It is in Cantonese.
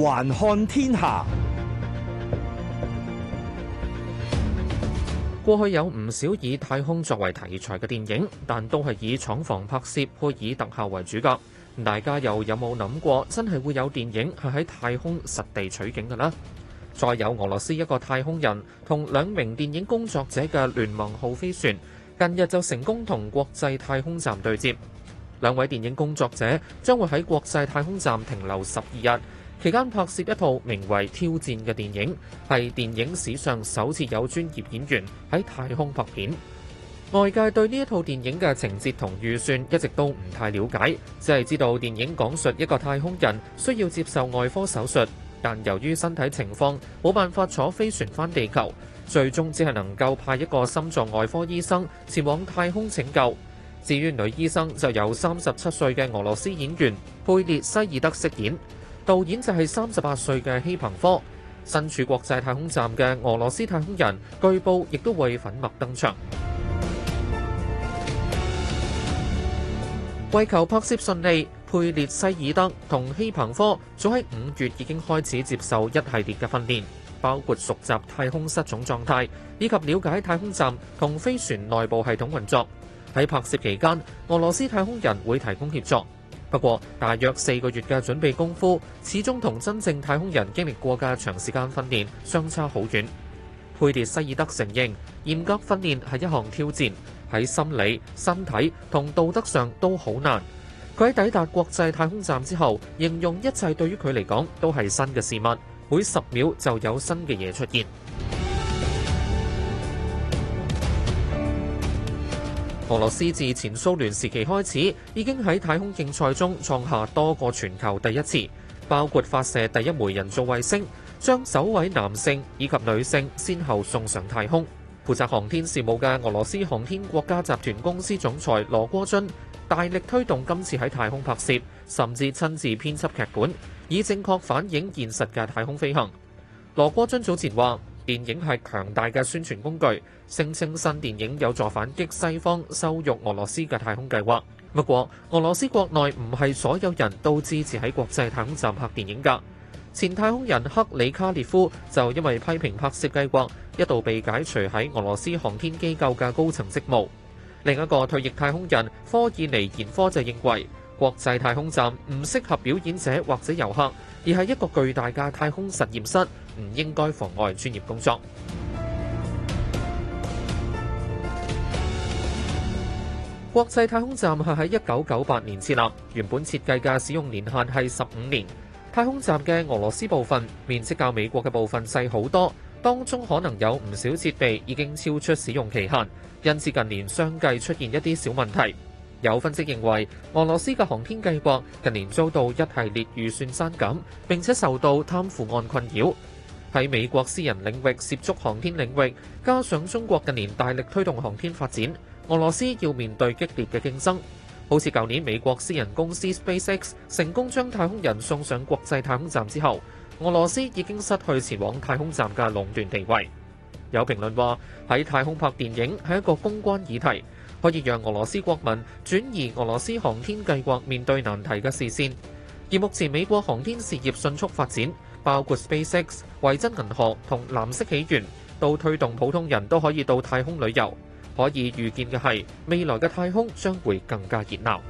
環看天下。過去有唔少以太空作為題材嘅電影，但都係以廠房拍攝，配以特效為主角。大家又有冇諗過，真係會有電影係喺太空實地取景嘅呢？再有，俄羅斯一個太空人同兩名電影工作者嘅聯盟號飛船近日就成功同國際太空站對接，兩位電影工作者將會喺國際太空站停留十二日。期間拍攝一套名為《挑戰》嘅電影，係電影史上首次有專業演員喺太空拍片。外界對呢一套電影嘅情節同預算一直都唔太了解，只係知道電影講述一個太空人需要接受外科手術，但由於身體情況冇辦法坐飛船返地球，最終只係能夠派一個心臟外科醫生前往太空拯救。至於女醫生，就由三十七歲嘅俄羅斯演員佩列西爾德飾演。導演就係三十八歲嘅希彭科，身處國際太空站嘅俄羅斯太空人據報亦都會粉墨登場。 為求拍攝順利，佩列西爾德同希彭科早喺五月已經開始接受一系列嘅訓練，包括熟習太空失重狀態以及了解太空站同飛船內部系統運作。喺拍攝期間，俄羅斯太空人會提供協助。不過，大約四個月嘅準備功夫，始終同真正太空人經歷過嘅長時間訓練相差好遠。佩列西爾德承認，嚴格訓練係一項挑戰，喺心理、身體同道德上都好難。佢喺抵達國際太空站之後，形容一切對於佢嚟講都係新嘅事物，每十秒就有新嘅嘢出現。俄羅斯自前蘇聯時期開始，已經喺太空競賽中創下多個全球第一次，包括發射第一枚人造衛星，將首位男性以及女性先後送上太空。負責航天事務嘅俄羅斯航天國家集團公司總裁羅戈津大力推動今次喺太空拍攝，甚至親自編輯劇本，以正確反映現實嘅太空飛行。羅戈津早前話：電影係強大嘅宣傳工具，聲稱新電影有助反擊西方羞辱俄羅斯嘅太空計劃。不過，俄羅斯國內唔係所有人都支持喺國際太空站拍電影㗎。前太空人克里卡列夫就因為批評拍攝計劃，一度被解除喺俄羅斯航天機構嘅高層職務。另一個退役太空人科爾尼延科就認為，國際太空站唔適合表演者或者遊客，而係一個巨大嘅太空實驗室。唔應該妨礙專業工作。國際太空站係喺一九九八年設立，原本設計嘅使用年限係十五年。太空站嘅俄羅斯部分面積較美國嘅部分細好多，當中可能有唔少設備已經超出使用期限，因此近年相繼出現一啲小問題。有分析認為，俄羅斯嘅航天計劃近年遭到一系列預算刪減，並且受到貪腐案困擾。喺美國私人領域涉足航天領域，加上中國近年大力推動航天發展，俄羅斯要面對激烈嘅競爭。好似舊年美國私人公司 SpaceX 成功將太空人送上國際太空站之後，俄羅斯已經失去前往太空站嘅壟斷地位。有評論話喺太空拍電影係一個公關議題，可以讓俄羅斯國民轉移俄羅斯航天計劃面對難題嘅視線。而目前美國航天事業迅速發展，包括 SpaceX、維珍銀河同藍色起源，到推動普通人都可以到太空旅遊，可以預見嘅係未來嘅太空將會更加熱鬧。